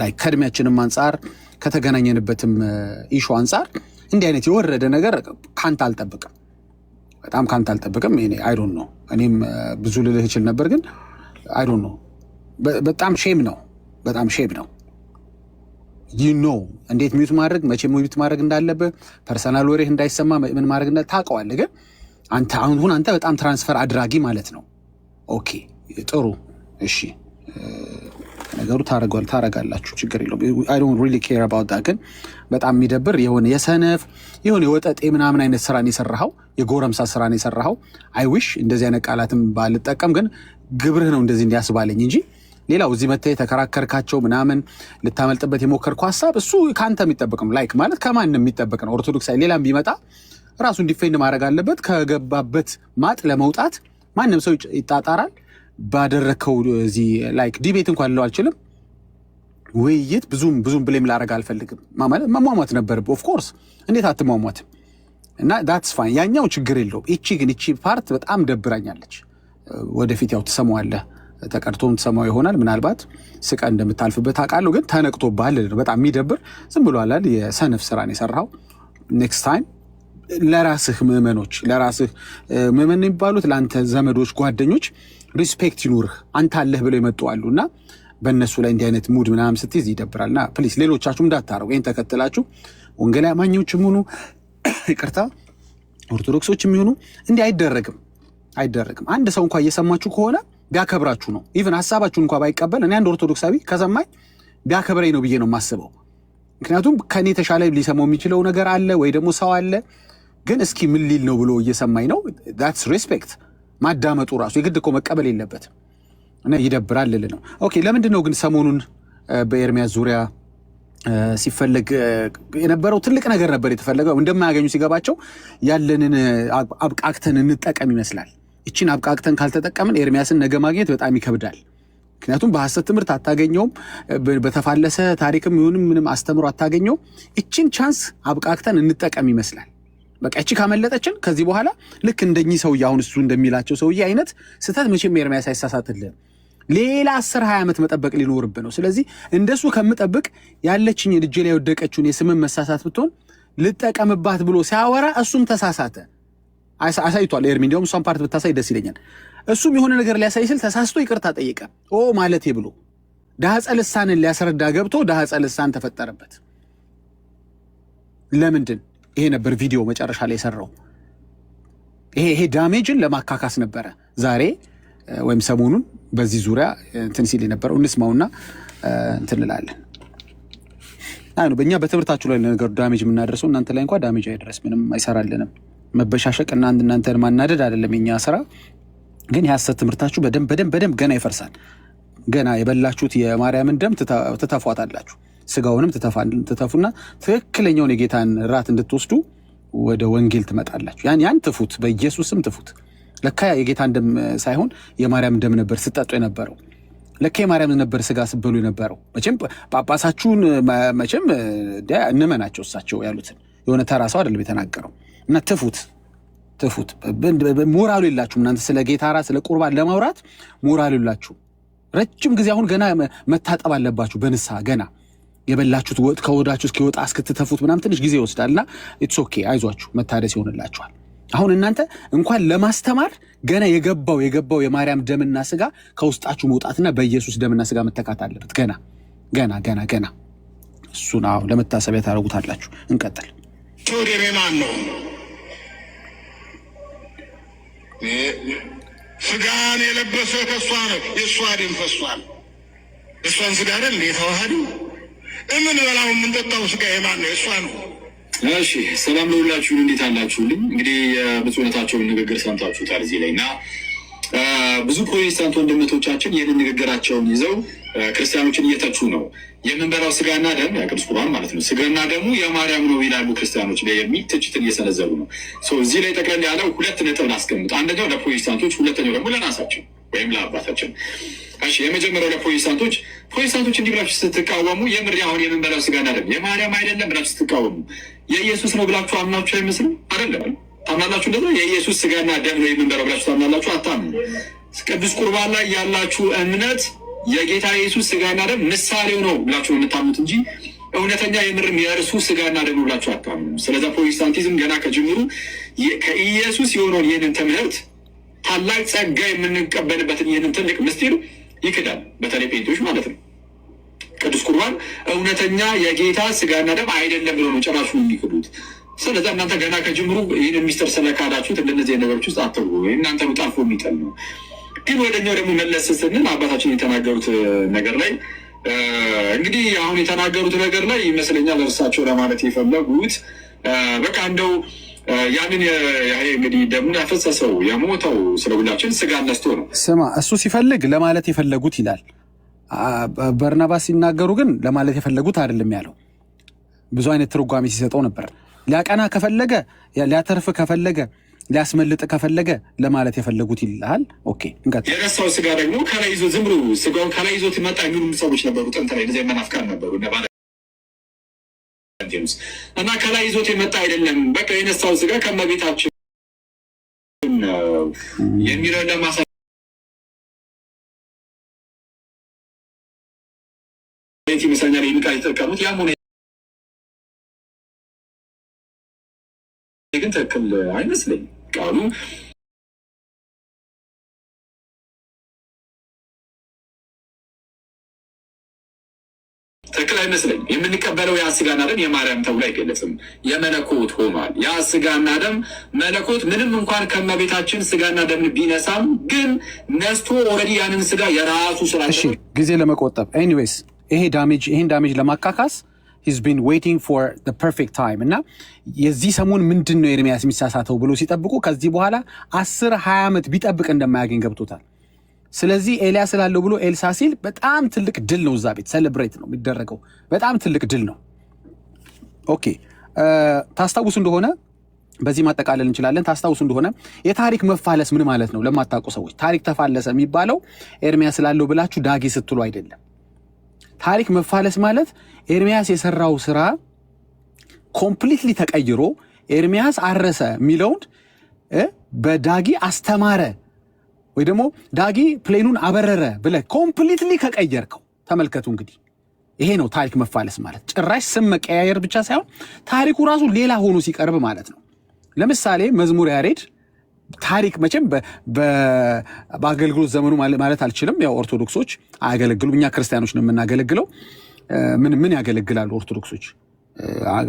ላይ ከእድሜያችንም አንጻር ከተገናኘንበትም ኢሹ uh, አንጻር እንዲህ አይነት የወረደ ነገር ካንተ አልጠብቅም፣ በጣም ካንተ አልጠብቅም። አይዶን ነው እኔም uh, ብዙ ልልህ እችል ነበር፣ ግን አይዶን ነው። በጣም ሼም ነው፣ በጣም ሼም ነው። ዩ ኖ እንዴት ሚዩት ማድረግ መቼ ሚዩት ማድረግ እንዳለብህ ፐርሰናል ወሬህ እንዳይሰማ ምን ማድረግ እንዳ ታውቀዋለህ። ግን አንተ አሁን አንተ በጣም ትራንስፈር አድራጊ ማለት ነው። ኦኬ ጥሩ እሺ uh, ነገሩ ታረጓል ታረጋላችሁ፣ ችግር የለውም። አይ ዶንት ሪሊ ኬር አባውት ግን በጣም የሚደብር የሆነ የሰነፍ የሆነ የወጠጤ ምናምን አይነት ስራን የሰራኸው የጎረምሳ ስራን የሰራኸው። አይ ዊሽ እንደዚህ አይነት ቃላትን ባልጠቀም፣ ግን ግብርህ ነው እንደዚህ እንዲያስባለኝ እንጂ ሌላው እዚህ መታ የተከራከርካቸው ምናምን ልታመልጥበት የሞከርኩ ሀሳብ እሱ ከአንተ የሚጠበቅ ነው። ላይክ ማለት ከማንም የሚጠበቅ ነው። ኦርቶዶክስ ሌላም ቢመጣ ራሱን ዲፌንድ ማድረግ አለበት። ከገባበት ማጥ ለመውጣት ማንም ሰው ይጣጣራል። ባደረከው እዚህ ላይክ ዲቤት እንኳን ለው አልችልም። ውይይት ብዙም ብዙም ብሌም ላረግ አልፈልግም። መሟሟት ነበር። ኦፍኮርስ እንዴት አትሟሟት? እና ዳትስ ፋይን ያኛው ችግር የለውም። እቺ ግን እቺ ፓርት በጣም ደብራኛለች። ወደፊት ያው ትሰማዋለህ፣ ተቀድቶም ትሰማው ይሆናል። ምናልባት ስቀ እንደምታልፍበት አውቃለሁ። ግን ተነቅቶ ባል በጣም የሚደብር ዝም ብሎ አላል የሰነፍ ስራን የሰራው ኔክስት ታይም ለራስህ ምዕመኖች ለራስህ ምዕመን የሚባሉት ለአንተ ዘመዶች፣ ጓደኞች ሪስፔክት ይኑርህ አንተ አለህ ብለው የመጡ አሉ እና በእነሱ ላይ እንዲህ አይነት ሙድ ምናምን ስትይዝ ይደብራልና ፕሊስ ሌሎቻችሁ እንዳታረጉ ይህን ተከትላችሁ ወንጌላዊ አማኞችም ሆኑ ይቅርታ ኦርቶዶክሶች የሚሆኑ እንዲህ አይደረግም፣ አይደረግም። አንድ ሰው እንኳ እየሰማችሁ ከሆነ ቢያከብራችሁ ነው። ኢቨን ሀሳባችሁ እንኳ ባይቀበል እኔ አንድ ኦርቶዶክሳዊ ከሰማኝ ቢያከብረኝ ነው ብዬ ነው የማስበው። ምክንያቱም ከእኔ የተሻለ ሊሰማው የሚችለው ነገር አለ ወይ ደግሞ ሰው አለ ግን እስኪ ምን ሊል ነው ብሎ እየሰማኝ ነው። ዳትስ ሬስፔክት ማዳመጡ ራሱ የግድ እኮ መቀበል የለበትም እና ይደብራል ልል ነው። ኦኬ ለምንድን ነው ግን ሰሞኑን በኤርሚያስ ዙሪያ ሲፈለግ የነበረው ትልቅ ነገር ነበር የተፈለገው። እንደማያገኙ ሲገባቸው ያለንን አብቃቅተን እንጠቀም ይመስላል። ይችን አብቃቅተን ካልተጠቀምን ኤርሚያስን ነገ ማግኘት በጣም ይከብዳል። ምክንያቱም በሐሰት ትምህርት አታገኘውም። በተፋለሰ ታሪክም ይሁንም ምንም አስተምሮ አታገኘውም። ይችን ቻንስ አብቃቅተን እንጠቀም ይመስላል። በቃ እቺ ካመለጠችን ከዚህ በኋላ ልክ እንደኚህ ሰውዬ አሁን እሱ እንደሚላቸው ሰውዬ አይነት ስህተት መቼም ኤርሚያስ አይሳሳትልህም። ሌላ አስር ሀያ ዓመት መጠበቅ ሊኖርብ ነው። ስለዚህ እንደሱ ከምጠብቅ ያለችኝ ልጅ ላይ የወደቀችውን የስምን መሳሳት ብትሆን ልጠቀምባት ብሎ ሲያወራ እሱም ተሳሳተ። አሳይቷል ኤርሚ። እንዲያውም እሷን ፓርት ብታሳይ ደስ ይለኛል። እሱም የሆነ ነገር ሊያሳይ ስል ተሳስቶ ይቅርታ ጠየቀ። ኦ ማለቴ ብሎ ዳህፀ ልሳንን ሊያስረዳ ገብቶ ዳህፀ ልሳን ተፈጠረበት። ለምንድን ይሄ ነበር ቪዲዮ መጨረሻ ላይ የሰራው። ይሄ ይሄ ዳሜጅን ለማካካስ ነበረ ዛሬ ወይም ሰሞኑን በዚህ ዙሪያ እንትን ሲል የነበረው እንስማውና እንትንላለን። እንላለን። አይ ነው በእኛ በትምህርታችሁ ላይ ለነገሩ ዳሜጅ የምናደርሰው እናንተ ላይ እንኳ ዳሜጅ አይደረስ ምንም አይሰራልንም። መበሻሸቅ እና እናንተን ማናደድ አይደለም የኛ ስራ። ግን የሐሰት ትምህርታችሁ በደንብ በደንብ በደንብ ገና ይፈርሳል። ገና የበላችሁት የማርያምን ደም ትተፏታላችሁ። ስጋውንም ትተፉና ትክክለኛውን የጌታን ራት እንድትወስዱ ወደ ወንጌል ትመጣላችሁ። ያን ያን ትፉት፣ በኢየሱስም ትፉት። ለካ የጌታን ደም ሳይሆን የማርያም ደም ነበር ስጠጡ የነበረው። ለካ የማርያም ነበር ስጋ ስበሉ የነበረው። መቼም ጳጳሳችሁን መቼም እንመናቸው እሳቸው ያሉትን የሆነ ተራ ሰው አይደለም የተናገረው። እና ትፉት ትፉት። ሞራሉ የላችሁም እናንተ ስለ ጌታ ራት ስለ ቁርባን ለማውራት ሞራሉ የላችሁም። ረጅም ጊዜ አሁን ገና መታጠብ አለባችሁ በንስሐ ገና የበላችሁት ወጥ ከወዳችሁ እስኪወጣ እስክትተፉት ምናምን ትንሽ ጊዜ ይወስዳልና ኢትስ ኦኬ፣ አይዟችሁ፣ መታደስ ይሆንላችኋል። አሁን እናንተ እንኳን ለማስተማር ገና የገባው የገባው የማርያም ደምና ስጋ ከውስጣችሁ መውጣትና በኢየሱስ ደምና ስጋ መተካት አለበት። ገና ገና ገና ገና እሱን አሁን ለመታሰቢያ ታደርጉታላችሁ። እንቀጥል። ደሜ ማን ነው? ስጋን የለበሰ ከእሷ ነው። የእሷ ደም ፈሷል። እሷን ስጋ አይደል የተዋህዱ የምንበላው የምንጠጣው ስጋ የማን ነው? እሷ ነው። እሺ ሰላም ለሁላችሁን፣ እንዴት አላችሁልኝ? እንግዲህ የብፁዕነታቸውን ንግግር ሰምታችሁታል እዚህ ላይ እና ብዙ ፕሮቴስታንት ወንድምቶቻችን ይህንን ንግግራቸውን ይዘው ክርስቲያኖችን እየተቹ ነው። የምንበላው ስጋና ደም ቅዱስ ቁርባን ማለት ነው፣ ስጋና ደሙ የማርያም ነው ይላሉ ክርስቲያኖች ላይ የሚል ትችትን እየሰነዘሩ ነው። እዚህ ላይ ጠቅለል ያለው ሁለት ነጥብ ላስቀምጥ። አንደኛው ለፕሮቴስታንቶች፣ ሁለተኛው ደግሞ ለራሳችን ወይም ለአባታችን። እሺ የመጀመሪያው ለፕሮቴስታንቶች ፕሮቴስታንቶች እንዲህ ብላችሁ ስትቃወሙ የምር አሁን የምንበላው ስጋን አይደለም፣ የማርያም አይደለም ብላችሁ ስትቃወሙ የኢየሱስ ነው ብላችሁ አምናችሁ አይመስልም? አይደለም ታምናላችሁ። እንደዛ የኢየሱስ ስጋና ደም ነው የምንበላው ብላችሁ ታምናላችሁ? አታምኑ። ቅዱስ ቁርባን ላይ ያላችሁ እምነት የጌታ ኢየሱስ ስጋና ደም ምሳሌው ነው ብላችሁ የምታምኑት እንጂ እውነተኛ የምርም የእርሱ ስጋና ደም ነው ብላችሁ አታምኑም። ስለዚ ፕሮቴስታንቲዝም ገና ከጅምሩ ከኢየሱስ የሆነውን ይህንን ትምህርት ታላቅ ጸጋ የምንቀበልበትን ይህንን ትልቅ ምስጢር ይክዳል። በተለይ ጴንጤዎች ማለት ነው። ቅዱስ ቁርባን እውነተኛ የጌታ ስጋና ደም አይደለም ብሎ ነው ጭራሹ የሚክዱት። ስለዚ እናንተ ገና ከጅምሩ ይህን ሚስጥር ስለካዳችሁት እንደነዚህ ነገሮች ውስጥ አትርጉ። እናንተ ጣልፎ የሚጠል ነው። ግን ወደኛው ደግሞ መለስ ስንል አባታችን የተናገሩት ነገር ላይ እንግዲህ አሁን የተናገሩት ነገር ላይ ይመስለኛል እርሳቸው ለማለት የፈለጉት በቃ እንደው ያንን እንግዲህ ደሙን ያፈሰሰው የሞተው ስለ ሁላችን ስጋ ነስቶ ነው። ስማ እሱ ሲፈልግ ለማለት የፈለጉት ይላል። በርናባስ ሲናገሩ ግን ለማለት የፈለጉት አይደለም ያለው። ብዙ አይነት ትርጓሜ ሲሰጠው ነበር። ሊያቀና ከፈለገ ሊያተርፍ ከፈለገ ሊያስመልጥ ከፈለገ ለማለት የፈለጉት ይልሃል። ኦኬ የረሳው ስጋ ደግሞ ከላይ ይዞ ዝም ብሎ ስጋውን ከላይ ይዞት መጣ የሚሉም ሰዎች ነበሩ። ጥንት ላይ ዜ መናፍቃን ነበሩ። ቴምስ እና ከላይ ይዞት የመጣ አይደለም። በቃ የነሳው ስጋ ከመቤታችን ነው የሚለውን ለማሳ ይመስለኛል ይህን ቃል የተጠቀሙት። ያም ሆነ ግን ትክክል አይመስለኝም ቃሉ ትክክል አይመስለኝ። የምንቀበለው ያ ስጋና ደም የማርያም ተብሎ አይገለጽም፣ የመለኮት ሆኗል። ያ ስጋና ደም መለኮት ምንም እንኳን ከመቤታችን ስጋና ደም ቢነሳም ግን ነስቶ ኦልሬዲ ያንን ስጋ የራሱ ስራ። ጊዜ ለመቆጠብ ኤኒዌይስ፣ ይሄ ዳሜጅ ይሄን ዳሜጅ ለማካካስ ሂዝ ቢን ዌይቲንግ ፎር ዘ ፐርፌክት ታይም እና የዚህ ሰሞን ምንድን ነው ኤርሚያስ የሚሳሳተው ብሎ ሲጠብቁ ከዚህ በኋላ አስር ሀያ ዓመት ቢጠብቅ እንደማያገኝ ገብቶታል። ስለዚህ ኤልያስ ስላለው ብሎ ኤልሳ ሲል በጣም ትልቅ ድል ነው። እዛ ቤት ሴሌብሬት ነው የሚደረገው። በጣም ትልቅ ድል ነው። ኦኬ ታስታውሱ እንደሆነ በዚህ ማጠቃለል እንችላለን። ታስታውሱ እንደሆነ የታሪክ መፋለስ ምን ማለት ነው? ለማታውቁ ሰዎች ታሪክ ተፋለሰ የሚባለው ኤርሚያስ ስላለው ብላችሁ ዳጊ ስትሉ አይደለም። ታሪክ መፋለስ ማለት ኤርሚያስ የሰራው ስራ ኮምፕሊትሊ ተቀይሮ ኤርሚያስ አረሰ የሚለውን በዳጊ አስተማረ ወይ ደግሞ ዳጊ ፕሌኑን አበረረ ብለህ ኮምፕሊትሊ ከቀየርከው፣ ተመልከቱ እንግዲህ ይሄ ነው ታሪክ መፋለስ ማለት። ጭራሽ ስም መቀያየር ብቻ ሳይሆን ታሪኩ ራሱ ሌላ ሆኖ ሲቀርብ ማለት ነው። ለምሳሌ መዝሙር ያሬድ ታሪክ መቼም በአገልግሎት ዘመኑ ማለት አልችልም። ያው ኦርቶዶክሶች አያገለግሉም። እኛ ክርስቲያኖች ነው የምናገለግለው። ምን ምን ያገለግላሉ ኦርቶዶክሶች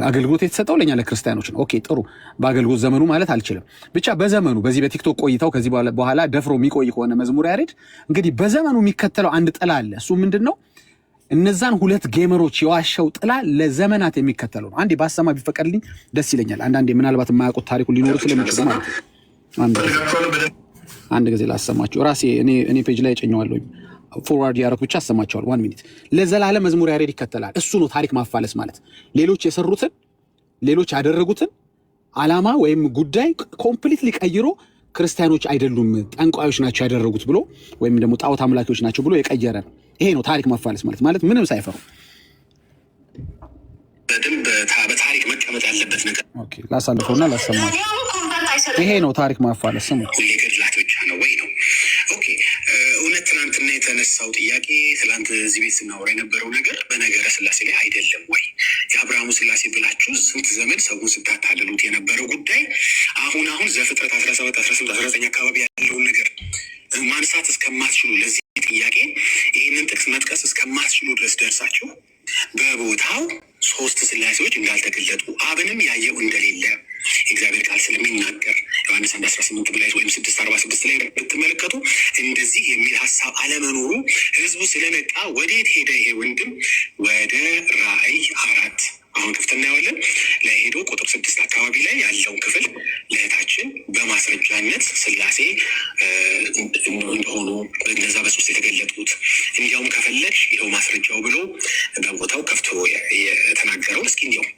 አገልግሎት የተሰጠው ለኛ ለክርስቲያኖች ነው። ኦኬ ጥሩ። በአገልግሎት ዘመኑ ማለት አልችልም፣ ብቻ በዘመኑ በዚህ በቲክቶክ ቆይታው ከዚህ በኋላ ደፍሮ የሚቆይ ከሆነ መዝሙር ያሬድ እንግዲህ በዘመኑ የሚከተለው አንድ ጥላ አለ። እሱ ምንድን ነው? እነዛን ሁለት ጌመሮች የዋሻው ጥላ ለዘመናት የሚከተለው ነው። አንዴ ባሰማ ቢፈቀድልኝ ደስ ይለኛል። አንዳንዴ ምናልባት የማያውቁት ታሪኩ ሊኖሩ ስለሚችሉ ማለት ነው። አንድ ጊዜ ላሰማችሁ። ራሴ እኔ ፔጅ ላይ ጨኘዋለሁኝ። ፎርዋርድ ያደረኩ ብቻ አሰማቸዋል። ዋን ሚኒት ለዘላለም መዝሙር ያሬድ ይከተላል። እሱ ነው ታሪክ ማፋለስ ማለት። ሌሎች የሰሩትን ሌሎች ያደረጉትን አላማ ወይም ጉዳይ ኮምፕሊትሊ ቀይሮ ክርስቲያኖች አይደሉም ጠንቋዮች ናቸው ያደረጉት ብሎ ወይም ደግሞ ጣዖት አምላኪዎች ናቸው ብሎ የቀየረ ነው። ይሄ ነው ታሪክ ማፋለስ ማለት ማለት ምንም ሳይፈሩ በታሪክ መቀመጥ ያለበት ነገር ላሳልፈውና ላሰማ። ይሄ ነው ታሪክ ማፋለስ ስሙ የተነሳው ጥያቄ ትላንት እዚህ ቤት ስናወራ የነበረው ነገር በነገረ ስላሴ ላይ አይደለም ወይ? የአብርሃሙ ስላሴ ብላችሁ ስንት ዘመን ሰውን ስታታልሉት የነበረው ጉዳይ አሁን አሁን ዘፍጥረት አስራ ሰባት አስራ ስምንት አስራ ዘጠኝ አካባቢ ያለውን ነገር ማንሳት እስከማትችሉ ለዚህ ጥያቄ ይህንን ጥቅስ መጥቀስ እስከማትችሉ ድረስ ደርሳችሁ በቦታው ሶስት ስላሴዎች እንዳልተገለጡ አብንም ያየው እንደሌለ የእግዚአብሔር ቃል ስለሚናገር ዮሐንስ አንድ አስራ ስምንት ላይ ወይም ስድስት አርባ ስድስት ላይ ብትመለከቱ እንደዚህ የሚል ሀሳብ አለመኖሩ ህዝቡ ስለነቃ ወዴት ሄደ? ይሄ ወንድም ወደ ራእይ አራት አሁን ክፍት እናየዋለን ላይ ሄዶ ቁጥር ስድስት አካባቢ ላይ ያለውን ክፍል ለእህታችን በማስረጃነት ስላሴ እንደሆኑ እነዛ በሶስት የተገለጡት እንዲያውም ከፈለግሽ ይኸው ማስረጃው ብሎ በቦታው ከፍቶ የተናገረውን እስኪ እንዲያውም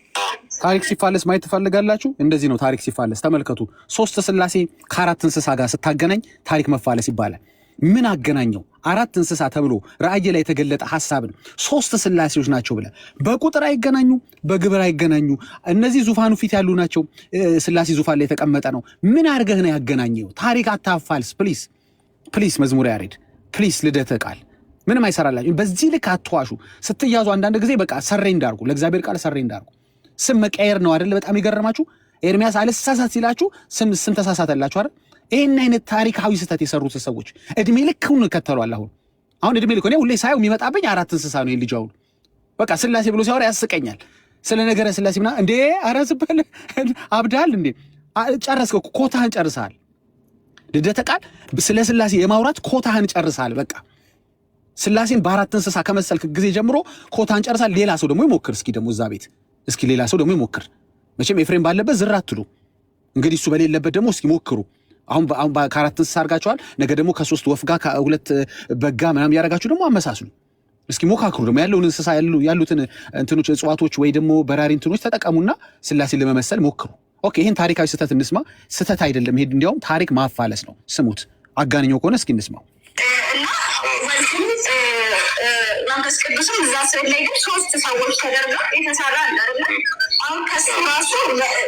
ታሪክ ሲፋለስ ማየት ትፈልጋላችሁ? እንደዚህ ነው ታሪክ ሲፋለስ። ተመልከቱ። ሶስት ስላሴ ከአራት እንስሳ ጋር ስታገናኝ ታሪክ መፋለስ ይባላል። ምን አገናኘው? አራት እንስሳ ተብሎ ራእይ ላይ የተገለጠ ሀሳብን ሶስት ስላሴዎች ናቸው ብለ በቁጥር አይገናኙ፣ በግብር አይገናኙ። እነዚህ ዙፋኑ ፊት ያሉ ናቸው። ስላሴ ዙፋን ላይ የተቀመጠ ነው። ምን አድርገህ ነው ያገናኘው? ታሪክ አታፋልስ ፕሊስ፣ ፕሊስ። መዝሙር ያሬድ ፕሊስ። ልደተ ቃል ምንም አይሰራላችሁ። በዚህ ልክ አትዋሹ። ስትያዙ አንዳንድ ጊዜ በቃ ሰሬ እንዳርጉ፣ ለእግዚአብሔር ቃል ሰሬ እንዳርጉ። ስም መቀየር ነው አይደለ? በጣም የገረማችሁ ኤርሚያስ አልሳሳት ሲላችሁ ስም ስም ተሳሳተላችሁ አይደል? ይህን አይነት ታሪካዊ ስህተት የሰሩት ሰዎች እድሜ ልክውን ከተሏል። አሁን አሁን እድሜ ልክ እኔ ሁሌ ሳየው የሚመጣብኝ አራት እንስሳ ነው። ልጅ አሁን በቃ ስላሴ ብሎ ሲያወራ ያስቀኛል። ስለ ነገረ ስላሴ ምናምን እንዴ አረዝበል አብዳል እንዴ ጨረስከው፣ ኮታህን ጨርሰሃል። ልደተ ቃል ስለ ስላሴ የማውራት ኮታህን ጨርሰሃል። በቃ ስላሴን በአራት እንስሳ ከመሰልክ ጊዜ ጀምሮ ኮታህን ጨርሰሃል። ሌላ ሰው ደግሞ ይሞክር እስኪ ደግሞ እዛ ቤት እስኪ ሌላ ሰው ደግሞ ይሞክር። መቼም ኤፍሬም ባለበት ዝር አትሉ። እንግዲህ እሱ በሌለበት ደግሞ እስኪ ሞክሩ። አሁን ከአራት እንስሳ አድርጋችኋል። ነገ ደግሞ ከሶስት ወፍ ጋር ከሁለት በጋ ምናምን ያደርጋችሁ ደግሞ አመሳስሉ። እስኪ ሞካክሩ። ደግሞ ያለውን እንስሳ ያሉትን እንትኖች እጽዋቶች፣ ወይ ደግሞ በራሪ እንትኖች ተጠቀሙና ስላሴ ለመመሰል ሞክሩ። ኦኬ፣ ይህን ታሪካዊ ስህተት እንስማ። ስህተት አይደለም ይሄድ፣ እንዲያውም ታሪክ ማፋለስ ነው። ስሙት። አጋንኛው ከሆነ እስኪ እንስማው እና መንፈስ ቅዱስም እዛ ስዕል ላይ ግን ሶስት ሰዎች ተደርገው የተሰራ አለ አይደለ? አሁን ከሱ ራሱ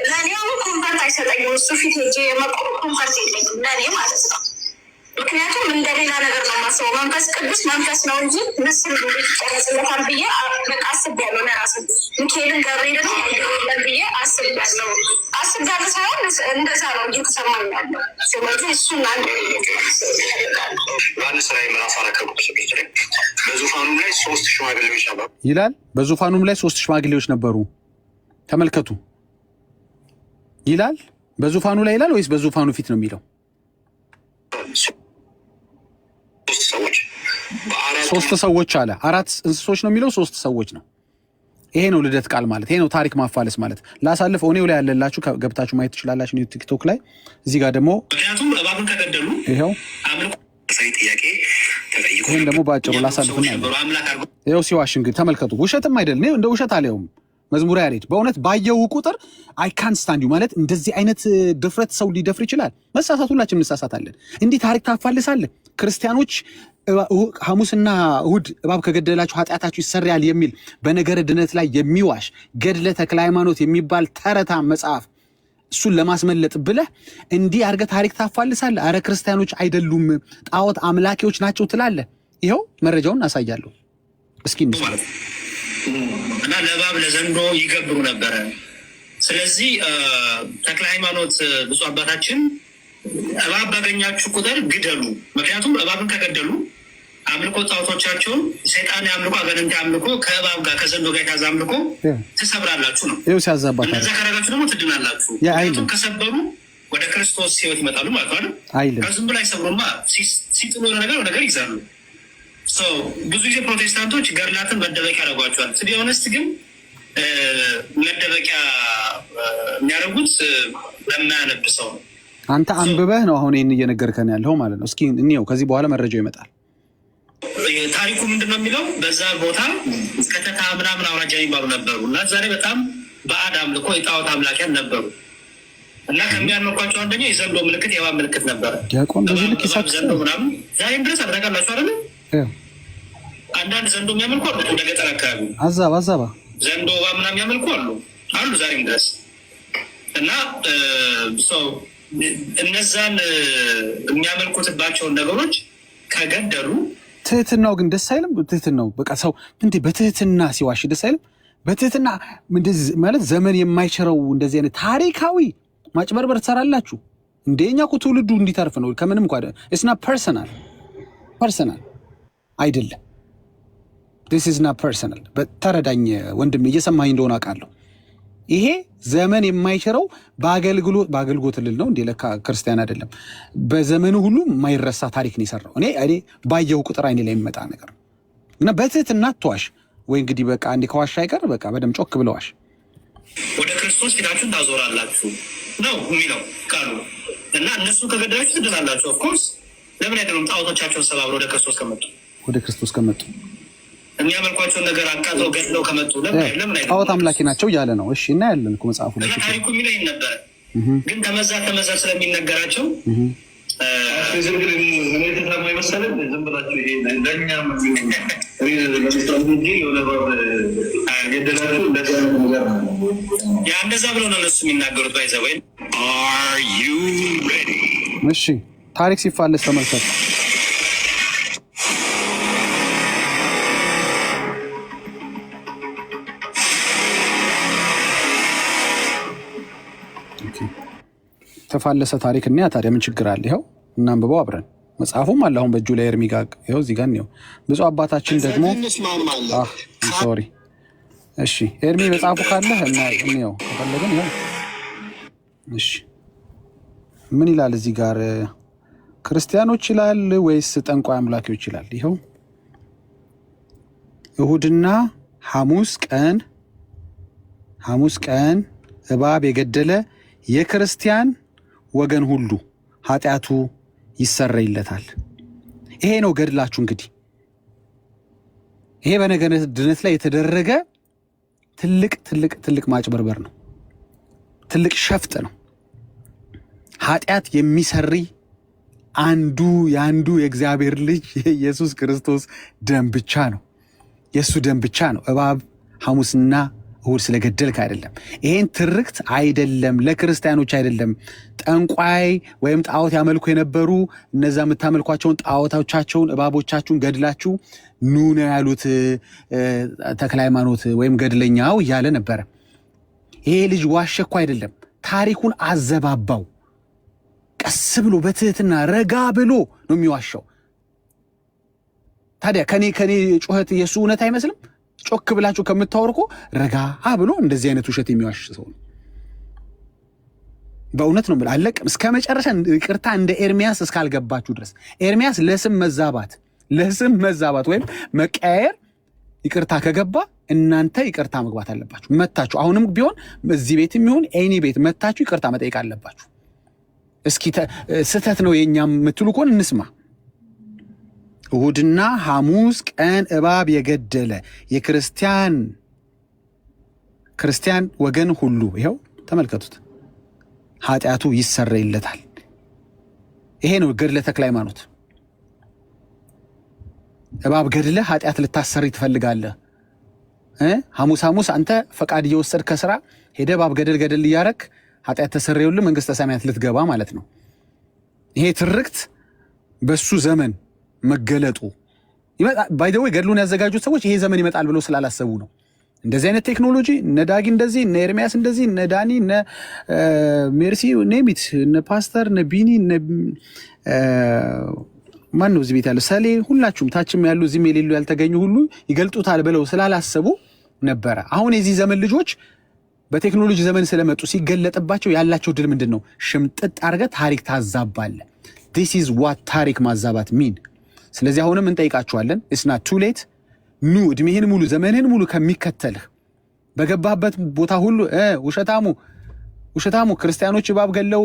ለእኔ አሁን ኮንፈርት አይሰጠኝም። እሱ ፊት ሄጄ የመቆም ኮንፈርት የለኝም ለእኔ ማለት ነው። ምክንያቱም እንደሌላ ነገር ነው ማስበው። መንፈስ ቅዱስ መንፈስ ነው እንጂ ምስሉ ይጨረጽለታል ብዬ በቃ አስቤያለሁ። ለራሱ ሚካኤልን ገብርኤልን ለን ብዬ አስቤያለሁ። አስቤያለሁ ሳይሆን እንደዛ ነው እየተሰማኝ ያለው። ስለዚህ እሱን አንድ በአንድ ስራ የመራፍ አረከቡ በዙፋኑም ላይ ሶስት ሽማግሌዎች ነበሩ ይላል። በዙፋኑም ላይ ሶስት ሽማግሌዎች ነበሩ። ተመልከቱ ይላል። በዙፋኑ ላይ ይላል ወይስ በዙፋኑ ፊት ነው የሚለው? ሶስት ሰዎች ሶስት ሰዎች አለ። አራት እንስሶች ነው የሚለው ሶስት ሰዎች ነው። ይሄ ነው ልደት ቃል ማለት ይሄ ነው ታሪክ ማፋለስ ማለት። ላሳልፍ ኦኔው ላይ ያለላችሁ ገብታችሁ ማየት ትችላላችሁ ቲክቶክ ላይ። እዚህ ጋር ደግሞ ምክንያቱም ይኸው ይህን ደግሞ በአጭሩ ላሳልፍና ይኸው ሲዋሽ እንግዲህ ተመልከቱ። ውሸትም አይደል እንደ ውሸት አልየውም መዝሙር ያሬድ በእውነት ባየው ቁጥር አይ ካን ስታንድ ዩ ማለት እንደዚህ አይነት ድፍረት ሰው ሊደፍር ይችላል። መሳሳት፣ ሁላችን እንሳሳታለን። እንዲህ ታሪክ ታፋልሳለህ ክርስቲያኖች ሐሙስና እሁድ እባብ ከገደላችሁ ኃጢአታችሁ ይሰሪያል የሚል በነገረ ድነት ላይ የሚዋሽ ገድለ ተክለ ሃይማኖት የሚባል ተረታ መጽሐፍ እሱን ለማስመለጥ ብለህ እንዲህ አድርገህ ታሪክ ታፋልሳለህ። አረ ክርስቲያኖች አይደሉም ጣዖት አምላኪዎች ናቸው ትላለህ። ይኸው መረጃውን አሳያለሁ እስኪ እና ለእባብ ለዘንዶ ይገብሩ ነበረ። ስለዚህ ተክለ ሃይማኖት ብፁ አባታችን እባብ ባገኛችሁ ቁጥር ግደሉ። ምክንያቱም እባብን ከገደሉ አምልኮ ጣዖቶቻቸውን ሰይጣን አምልኮ አገንንት አምልኮ ከእባብ ጋር ከዘንዶ ጋር የታዘ አምልኮ ትሰብራላችሁ ነው። እነዛ ካረጋችሁ ደግሞ ትድናላችሁ። ከሰበሩ ወደ ክርስቶስ ሕይወት ይመጣሉ ማለት ነው አይደል? ከዝም ብሎ አይሰብሩማ። ሲጥሉ የሆነ ነገር ነገር ይዛሉ። ብዙ ጊዜ ፕሮቴስታንቶች ገድላትን መደበቂያ ያደርጓቸዋል። ቱ ቢ ግን መደበቂያ የሚያደርጉት ለማያነብ ሰው ነው አንተ አንብበህ ነው አሁን ይህን እየነገርከን ያለው ማለት ነው። እስኪ እኒው ከዚህ በኋላ መረጃው ይመጣል። ታሪኩ ምንድን ነው የሚለው? በዛ ቦታ ከተታ ምናምን አውራጃ የሚባሉ ነበሩ እና ዛሬ በጣም በአድ አምልኮ የጣዖት አምላኪያን ነበሩ እና ከሚያመልኳቸው አንደኛው የዘንዶ ምልክት የባ ምልክት ነበረ። ዲያቆን በዚህ ልክ ዘንዶ ምናምን ዛሬም ድረስ አድረጋላችሁ አለ። አንዳንድ ዘንዶ የሚያመልኩ አሉ። ወደ ገጠር አካባቢ አዛባ አዛባ ዘንዶ ባ ምናምን የሚያመልኩ አሉ አሉ ዛሬም ድረስ እና ሰው እነዛን የሚያመልኩትባቸውን ነገሮች ከገደሉ ትህትናው ግን ደስ አይልም። ትህትናው በቃ ሰው እንዲህ በትህትና ሲዋሽ ደስ አይልም። በትህትና ማለት ዘመን የማይችረው እንደዚህ አይነት ታሪካዊ ማጭበርበር ትሰራላችሁ። እንደኛ እኮ ትውልዱ እንዲተርፍ ነው። ከምንም እኳ ስና ፐርሰናል ፐርሰናል አይደለም ስ ና ፐርሰናል። ተረዳኝ ወንድም፣ እየሰማኝ እንደሆነ አውቃለሁ። ይሄ ዘመን የማይሽረው በአገልግሎት ልል ነው እንደ ለካ ክርስቲያን አይደለም። በዘመኑ ሁሉ የማይረሳ ታሪክ ነው የሰራው። እኔ እኔ ባየው ቁጥር አይኔ ላይ የሚመጣ ነገር እና በትህትና ተዋሽ ወይ እንግዲህ በቃ አንዴ ከዋሻ አይቀር በቃ በደም ጮክ ብለዋሽ ወደ ክርስቶስ ፊታችሁን ታዞራላችሁ ነው የሚለው ቃሉ እና እነሱ ከገዳዮች ትድናላችሁ። ኦፍኮርስ ለምን ያደለም ጣዖቶቻቸውን ሰባብረ ወደ ክርስቶስ ከመጡ ወደ ክርስቶስ ከመጡ የሚያመልኳቸውን ነገር አቃተው ገድለው ከመጡ ጣዖት አምላኪ ናቸው እያለ ነው። እሺ እና ያለን እኮ መጽሐፉ ላይ ታሪኩ የሚለው ነበረ፣ ግን ተመዛ ተመዛ ስለሚነገራቸው እንደዛ ብለው ነው እነሱ የሚናገሩት። ባይዘ ወይም እሺ ታሪክ ሲፋለስ ተመልከት። የተፋለሰ ታሪክ እና ታዲያ ምን ችግር አለ? ይኸው እናንብበው አብረን። መጽሐፉም አለ አሁን በእጁ ላይ ኤርሚጋግ ይኸው እዚህ ጋር ነው። ብፁዕ አባታችን ደግሞ ሶሪ፣ እሺ ኤርሚ መጽሐፉ ካለ እንየው ከፈለግን። እሺ ምን ይላል እዚህ ጋር ክርስቲያኖች ይላል ወይስ ጠንቋይ አምላኪዎች ይላል? ይኸው እሁድና ሐሙስ ቀን ሐሙስ ቀን እባብ የገደለ የክርስቲያን ወገን ሁሉ ኃጢአቱ ይሰረይለታል። ይሄ ነው ገድላችሁ። እንግዲህ ይሄ በነገረ ድነት ላይ የተደረገ ትልቅ ትልቅ ትልቅ ማጭበርበር ነው። ትልቅ ሸፍጥ ነው። ኃጢአት የሚሰሪ አንዱ የአንዱ የእግዚአብሔር ልጅ የኢየሱስ ክርስቶስ ደም ብቻ ነው። የእሱ ደም ብቻ ነው። እባብ ሐሙስና እሁድ ስለገደልክ አይደለም። ይሄን ትርክት አይደለም ለክርስቲያኖች አይደለም። ጠንቋይ ወይም ጣዖት ያመልኩ የነበሩ እነዛ የምታመልኳቸውን ጣዖታቻቸውን እባቦቻችሁን ገድላችሁ ኑ ነው ያሉት ተክለ ሃይማኖት ወይም ገድለኛው እያለ ነበረ። ይሄ ልጅ ዋሸኩ አይደለም። ታሪኩን አዘባባው። ቀስ ብሎ በትህትና ረጋ ብሎ ነው የሚዋሸው ታዲያ ከኔ ከኔ ጩኸት የእሱ እውነት አይመስልም። ጮክ ብላችሁ ከምታወርቁ ረጋ ብሎ እንደዚህ አይነት ውሸት የሚዋሽ ሰው ነው። በእውነት ነው አለቅ እስከ መጨረሻ ይቅርታ፣ እንደ ኤርሚያስ እስካልገባችሁ ድረስ ኤርሚያስ ለስም መዛባት ለስም መዛባት ወይም መቀያየር ይቅርታ ከገባ እናንተ ይቅርታ መግባት አለባችሁ። መታችሁ አሁንም ቢሆን እዚህ ቤት የሚሆን ኤኒ ቤት መታችሁ ይቅርታ መጠየቅ አለባችሁ። እስኪ ስህተት ነው የእኛም የምትሉ ከሆን እንስማ። እሁድና ሐሙስ ቀን እባብ የገደለ የክርስቲያን ክርስቲያን ወገን ሁሉ ይኸው ተመልከቱት፣ ኃጢአቱ ይሰረይለታል። ይሄ ነው ገድለ ተክለ ሃይማኖት። እባብ ገድለ ኃጢአት ልታሰሪ ትፈልጋለህ። ሐሙስ ሐሙስ አንተ ፈቃድ እየወሰድ ከስራ ሄደ እባብ ገደል ገደል እያረክ ኃጢአት ተሰርየውልህ መንግስተ ሰማያት ልትገባ ማለት ነው። ይሄ ትርክት በሱ ዘመን መገለጡ ባይ ዘ ወይ ገድሉን ያዘጋጁት ሰዎች ይሄ ዘመን ይመጣል ብለው ስላላሰቡ ነው። እንደዚህ አይነት ቴክኖሎጂ እነ ዳጊ እንደዚህ እነ ኤርሚያስ እንደዚህ እነ ዳኒ እነ ሜርሲ ኔሚት እነ ፓስተር እነ ቢኒ እነ ማን ነው እዚህ ቤት ያለ ሰሌ ሁላችሁም ታችም ያሉ እዚህም የሌሉ ያልተገኙ ሁሉ ይገልጡታል ብለው ስላላሰቡ ነበረ። አሁን የዚህ ዘመን ልጆች በቴክኖሎጂ ዘመን ስለመጡ ሲገለጥባቸው ያላቸው ድል ምንድን ነው? ሽምጥጥ አድርገህ ታሪክ ታዛባለህ። ዲስ ኢዝ ዋት ታሪክ ማዛባት ሚን ስለዚህ አሁንም እንጠይቃችኋለን እስና ቱ ሌት ኑ እድሜህን ሙሉ ዘመንህን ሙሉ ከሚከተልህ በገባህበት ቦታ ሁሉ ውሸታሙ ውሸታሙ ክርስቲያኖች እባብ ገለው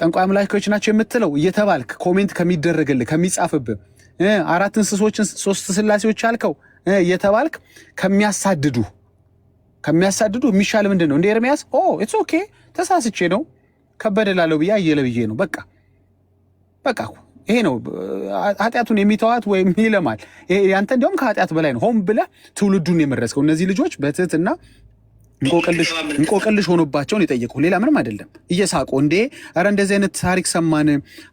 ጠንቋይ አምላኪዎች ናቸው የምትለው እየተባልክ ኮሜንት ከሚደረግልህ ከሚጻፍብህ አራት እንስሶችን ሶስት ስላሴዎች አልከው እየተባልክ ከሚያሳድዱ ከሚያሳድዱ የሚሻል ምንድን ነው? እንደ ኤርሚያስ ኦ ኢትስ ኦኬ ተሳስቼ ነው ከበደላለው ላለው ብዬ አየለ ብዬ ነው በቃ በቃ ይሄ ነው ኃጢአቱን የሚተዋት ወይም ይለማል። ያንተ እንዲሁም ከኃጢአት በላይ ነው። ሆን ብለህ ትውልዱን የመረስከው እነዚህ ልጆች በትህትና እንቆቅልሽ ሆኖባቸውን የጠየቀው ሌላ ምንም አይደለም። እየሳቆ እንዴ ረ እንደዚህ አይነት ታሪክ ሰማን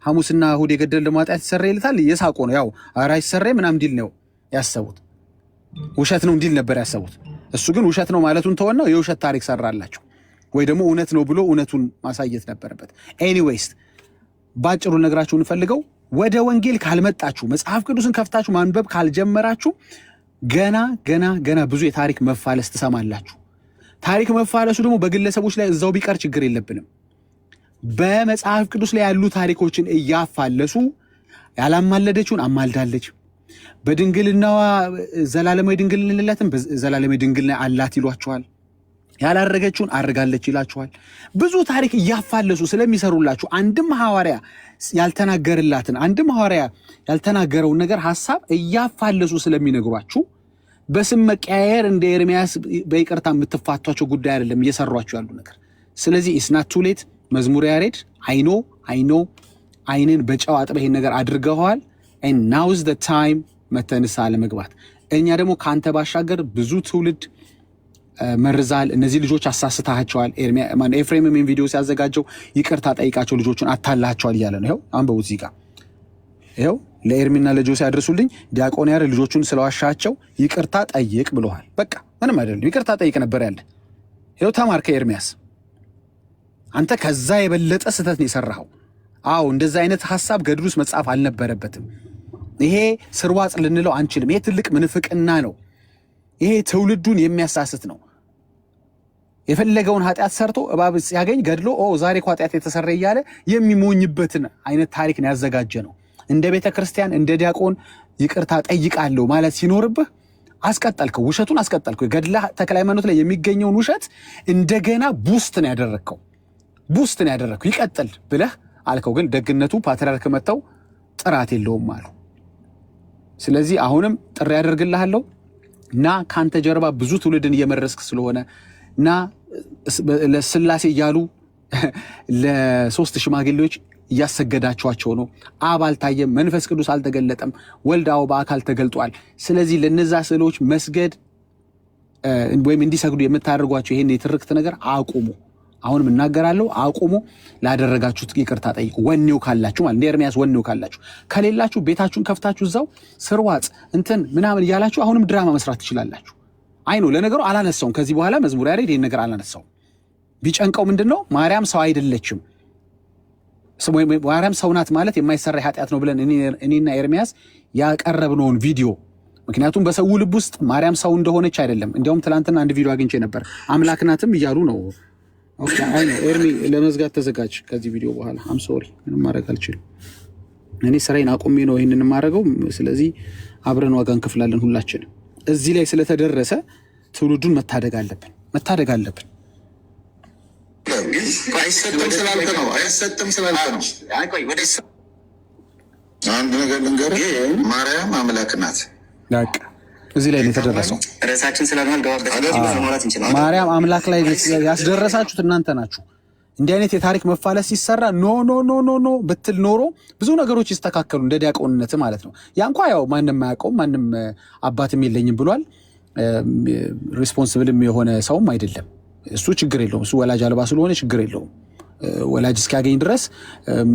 ሐሙስና እሑድ የገደል ለማጣት ይሰራ ይልታል። እየሳቆ ነው ያው ኧረ አይሰራም ምናም እንዲል ነው ያሰቡት። ውሸት ነው እንዲል ነበር ያሰቡት። እሱ ግን ውሸት ነው ማለቱን ተወናው የውሸት ታሪክ ሰራላቸው ወይ ደግሞ እውነት ነው ብሎ እውነቱን ማሳየት ነበረበት። ኤኒዌይስ ባጭሩ ነግራችሁ እንፈልገው ወደ ወንጌል ካልመጣችሁ መጽሐፍ ቅዱስን ከፍታችሁ ማንበብ ካልጀመራችሁ ገና ገና ገና ብዙ የታሪክ መፋለስ ትሰማላችሁ። ታሪክ መፋለሱ ደግሞ በግለሰቦች ላይ እዛው ቢቀር ችግር የለብንም። በመጽሐፍ ቅዱስ ላይ ያሉ ታሪኮችን እያፋለሱ ያላማለደችውን አማልዳለች፣ በድንግልናዋ ዘላለማዊ ድንግልና የሌላትም ዘላለማዊ ድንግልና አላት ይሏቸዋል። ያላረገችውን አርጋለች ይላችኋል። ብዙ ታሪክ እያፋለሱ ስለሚሰሩላችሁ አንድም ሐዋርያ ያልተናገርላትን አንድም ሐዋርያ ያልተናገረውን ነገር ሀሳብ እያፋለሱ ስለሚነግሯችሁ በስም መቀያየር እንደ ኤርሚያስ በይቅርታ የምትፋቷቸው ጉዳይ አይደለም እየሰሯቸው ያሉ ነገር። ስለዚህ ኢስናት ቱሌት መዝሙር ያሬድ አይኖ አይኖ አይንን በጨው አጥበህ ነገር አድርገዋል። ናውዝ ታይም መተንሳ ለመግባት እኛ ደግሞ ከአንተ ባሻገር ብዙ ትውልድ መርዛል እነዚህ ልጆች አሳስታቸዋል። ኤፍሬም ሜን ቪዲዮ ሲያዘጋጀው ይቅርታ ጠይቃቸው ልጆቹን አታላቸዋል እያለ ነው። ይኸው አንበቡት እዚህ ጋር ይኸው ለኤርሚና ለጆሴ ያድርሱልኝ። ዲያቆን ያር ልጆቹን ስለዋሻቸው ይቅርታ ጠይቅ ብለዋል። በቃ ምንም አይደለም። ይቅርታ ጠይቅ ነበር ያለ። ይኸው ተማርከ ኤርሚያስ፣ አንተ ከዛ የበለጠ ስህተት ነው የሰራኸው። አዎ እንደዛ አይነት ሀሳብ ገድል ውስጥ መጻፍ አልነበረበትም። ይሄ ስርዋጽ ልንለው አንችልም። ይሄ ትልቅ ምንፍቅና ነው። ይሄ ትውልዱን የሚያሳስት ነው። የፈለገውን ኃጢአት ሰርቶ እባብ ሲያገኝ ገድሎ ዛሬ እኮ ኃጢአት የተሰረ እያለ የሚሞኝበትን አይነት ታሪክ ነው ያዘጋጀ ነው። እንደ ቤተ ክርስቲያን እንደ ዲያቆን ይቅርታ ጠይቃለሁ ማለት ሲኖርብህ አስቀጠልከው፣ ውሸቱን አስቀጠልከው። ገድላ ተክለ ሃይማኖት ላይ የሚገኘውን ውሸት እንደገና ቡስት ነው ያደረግከው፣ ቡስት ነው ያደረግከው። ይቀጥል ብለህ አልከው። ግን ደግነቱ ፓትርያርክ መጥተው ጥራት የለውም አሉ። ስለዚህ አሁንም ጥሪ ያደርግልሃለሁ እና ከአንተ ጀርባ ብዙ ትውልድን እየመረስክ ስለሆነ እና ለስላሴ እያሉ ለሶስት ሽማግሌዎች እያሰገዳቸዋቸው ነው። አብ አልታየም፣ መንፈስ ቅዱስ አልተገለጠም፣ ወልድ አዎ በአካል ተገልጧል። ስለዚህ ለነዛ ስዕሎች መስገድ ወይም እንዲሰግዱ የምታደርጓቸው ይሄን የትርክት ነገር አቁሙ። አሁንም እናገራለሁ፣ አቁሙ። ላደረጋችሁት ይቅርታ ጠይቁ፣ ወኔው ካላችሁ ማለት እንደ ኤርሚያስ ወኔው ካላችሁ። ከሌላችሁ ቤታችሁን ከፍታችሁ እዛው ስርዋጽ እንትን ምናምን እያላችሁ አሁንም ድራማ መስራት ትችላላችሁ። አይ ነው ለነገሩ አላነሳውም። ከዚህ በኋላ መዝሙር ያሬድ ይህን ነገር አላነሳውም። ቢጨንቀው ምንድን ነው ማርያም ሰው አይደለችም፣ ማርያም ሰው ናት ማለት የማይሰራ ኃጢአት ነው ብለን እኔና ኤርሚያስ ያቀረብነውን ቪዲዮ ምክንያቱም በሰው ልብ ውስጥ ማርያም ሰው እንደሆነች አይደለም። እንዲያውም ትላንትና አንድ ቪዲዮ አግኝቼ ነበር። አምላክ ናትም እያሉ ነው። ኤርሚ ለመዝጋት ተዘጋጅ። ከዚህ ቪዲዮ በኋላ አም ሶሪ፣ ምንም ማድረግ አልችልም። እኔ ስራዬን አቁሜ ነው ይህንን የማደርገው። ስለዚህ አብረን ዋጋ እንከፍላለን ሁላችንም። እዚህ ላይ ስለተደረሰ ትውልዱን መታደግ አለብን መታደግ አለብን። አንድ ነገር ልንገር፣ ማርያም አምላክ ናት። እዚህ ላይ የተደረሰው ማርያም አምላክ ላይ ያስደረሳችሁት እናንተ ናችሁ። እንዲህ አይነት የታሪክ መፋለስ ሲሰራ ኖ ኖ ኖ ኖ ኖ ብትል ኖሮ ብዙ ነገሮች ይስተካከሉ፣ እንደ ዲያቆንነት ማለት ነው። ያ እንኳ ያው ማንም አያውቀውም፣ ማንም አባትም የለኝም ብሏል። ሪስፖንስብልም የሆነ ሰውም አይደለም። እሱ ችግር የለውም። እሱ ወላጅ አልባ ስለሆነ ችግር የለውም። ወላጅ እስኪያገኝ ድረስ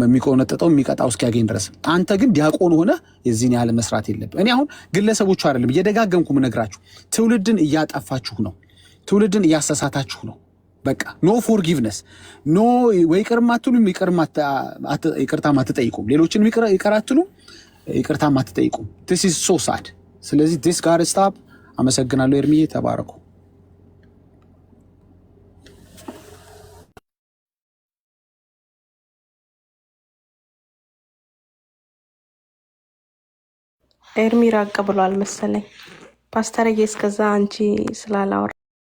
የሚቆነጠጠው የሚቀጣው እስኪያገኝ ድረስ። አንተ ግን ዲያቆን ሆነ የዚህን ያህል መስራት የለብህ። እኔ አሁን ግለሰቦቹ አይደለም እየደጋገምኩም ነግራችሁ፣ ትውልድን እያጠፋችሁ ነው። ትውልድን እያሰሳታችሁ ነው። በቃ ኖ ፎርጊቭነስ ኖ ወይ ይቅርም አትሉም፣ ይቅርታም አትጠይቁም። ሌሎችንም ይቅር አትሉም፣ ይቅርታም አትጠይቁም። ስ ሶ ሳድ። ስለዚህ ስ ጋር ስታፕ። አመሰግናለሁ ኤርሚዬ፣ ተባረኩ። ኤርሚ ራቅ ብሏል መሰለኝ ፓስተርዬ፣ እስከዛ አንቺ ስላላወራ